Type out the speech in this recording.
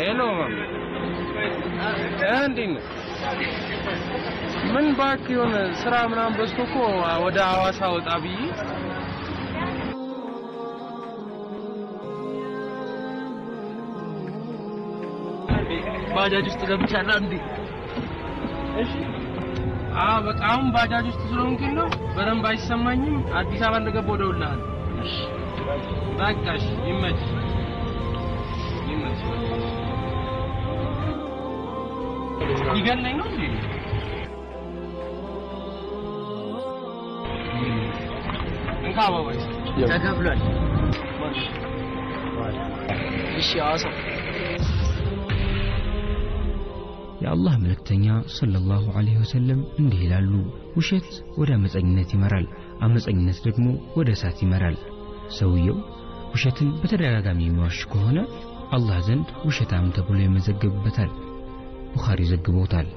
ሄሎ እንዴት ነው? ምን ባክ የሆነ ስራ ምናምን በዝቶ እኮ ወደ ሐዋሳ ወጣ ብዬ ባጃጅ ውስጥ ገብቻለሁ። እንዴ እሺ አ በቃ አሁን ባጃጅ ውስጥ ስለሆንኩኝ ነው በደንብ አይሰማኝም። አዲስ አበባ እንደገባሁ እደውልልሃለሁ። Bektaş, İmmet. İmmet. İgen ne oldu? Enka baba. Taka flan. Baş. Baş. Bir şey asıl. የአላህ መልእክተኛ ሰለላሁ ዐለይሂ ወሰለም እንዲህ ይላሉ፣ ውሸት ወደ አመፀኝነት ይመራል፣ አመፀኝነት ደግሞ ወደ እሳት ይመራል። ሰውየው ውሸትን በተደጋጋሚ የሚዋሽ ከሆነ አላህ ዘንድ ውሸታም ተብሎ ይመዘገብበታል። ቡኻሪ ዘግቦታል።